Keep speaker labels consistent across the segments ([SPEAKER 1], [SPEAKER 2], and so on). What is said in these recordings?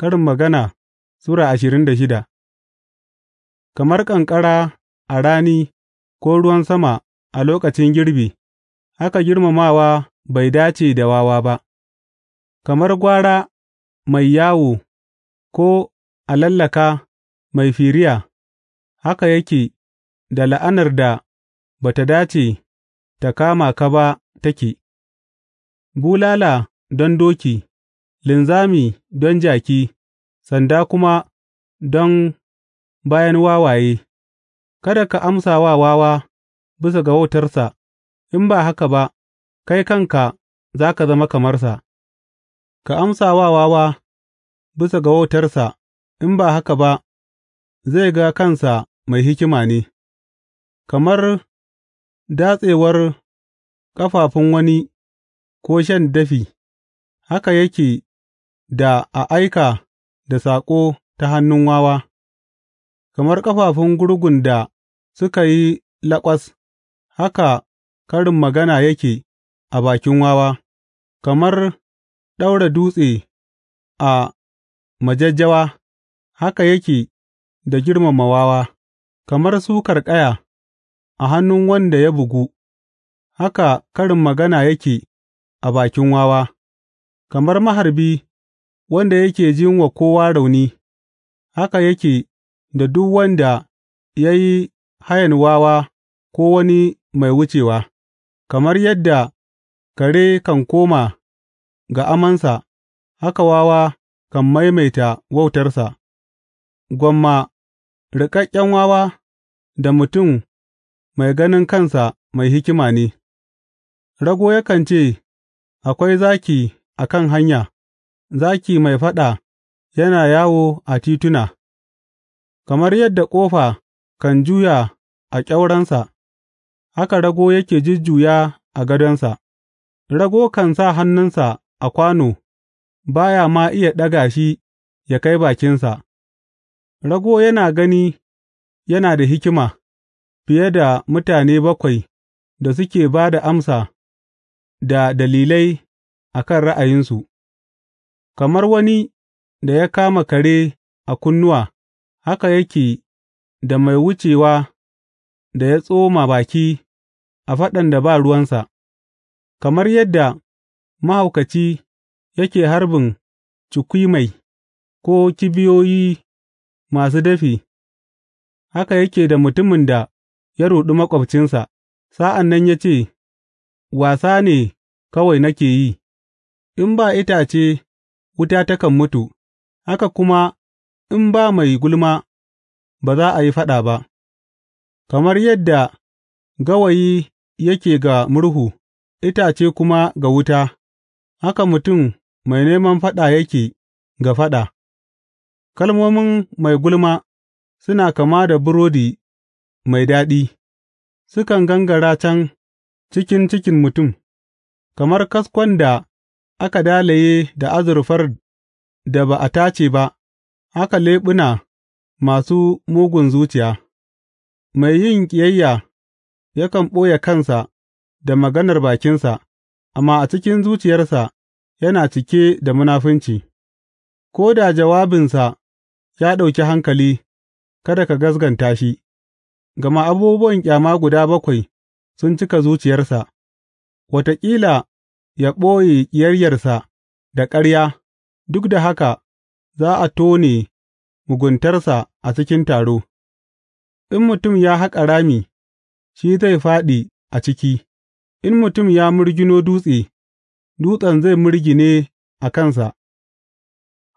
[SPEAKER 1] Karin Magana Sura ashirin da shida Kamar ƙanƙara a rani ko ruwan sama a lokacin girbi, haka girmamawa bai dace da wawa ba, kamar gwara mai yawo ko a lallaka mai firiya, haka yake da la'anar da ba ta dace ta kama ka ba take, bulala don doki linzami don jaki, sanda kuma don bayan wawaye; kada ka amsa wa wawa bisa ga wautarsa, in ba haka ba kai kanka za ka zama kamarsa. ka amsa wa wawa bisa ga wautarsa, in ba haka ba zai ga kansa mai hikima ne, kamar datsewar ƙafafun wani ko shan dafi haka yake da a aika da saƙo ta hannun wawa, kamar ƙafafun gurgun da suka yi laƙwas, haka karin magana yake a bakin wawa, kamar ɗaura dutse a majajjawa, haka yake da girmama wawa, kamar sukar ƙaya a hannun wanda ya bugu, haka karin magana yake a bakin wawa, kamar maharbi wanda yake jin wa kowa rauni, haka yake da duk wanda ya yi hayan wawa ko wani mai wucewa, kamar yadda kare kan koma ga amansa, haka wawa kan maimaita wautarsa, gwamma riƙaƙƙen wawa da mutum mai ganin kansa mai hikima ne, rago yakan ce, Akwai zaki a kan hanya, zaki mai faɗa yana yawo a tituna, kamar yadda ƙofa kan juya a ƙyaurensa, haka rago yake jujjuya a gadonsa; rago kan sa hannunsa a kwano ba ya ma iya ɗaga shi ya kai bakinsa; rago yana gani yana da hikima fiye da mutane bakwai da suke ba da amsa da dalilai a kan ra'ayinsu. Kamar wani da ya kama kare a kunnuwa haka yake da mai wucewa da ya tsoma baki a faɗan da ba ruwansa, kamar yadda mahaukaci yake harbin cikwimai ko kibiyoyi masu dafi, haka yake da mutumin da ya ruɗi maƙwabcinsa, sa'an nan ya ce, Wasa ne kawai nake yi, in ba itace. wuta takan mutu, haka kuma in ba mai gulma ba za a yi faɗa ba, kamar yadda gawayi yake ga murhu, itace kuma ga wuta, haka mutum mai neman faɗa yake ga faɗa. Kalmomin mai gulma suna kama da burodi mai daɗi, sukan gangara can cikin cikin mutum, kamar kaskon da aka dalaye da azurfar da ba a tace ba, haka leɓuna masu mugun zuciya, mai yin ƙiyayya yakan ɓoye kansa da maganar bakinsa, amma a cikin zuciyarsa yana cike da munafunci, ko da jawabinsa ya ɗauki hankali, kada ka gaskanta shi, gama abubuwan ƙyama guda bakwai sun cika zuciyarsa, wataƙila ya ɓoye ƙiyayyarsa da ƙarya, duk da haka za a tone muguntarsa a cikin taro; in mutum ya haƙa rami, shi zai fāɗi a ciki, in mutum ya murgino dutse, dutsen zai mirgine a kansa;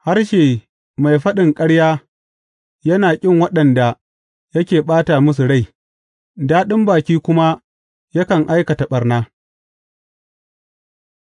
[SPEAKER 1] harshe mai faɗin ƙarya yana ƙin waɗanda yake ɓata musu rai, daɗin baki kuma yakan aikata ɓarna.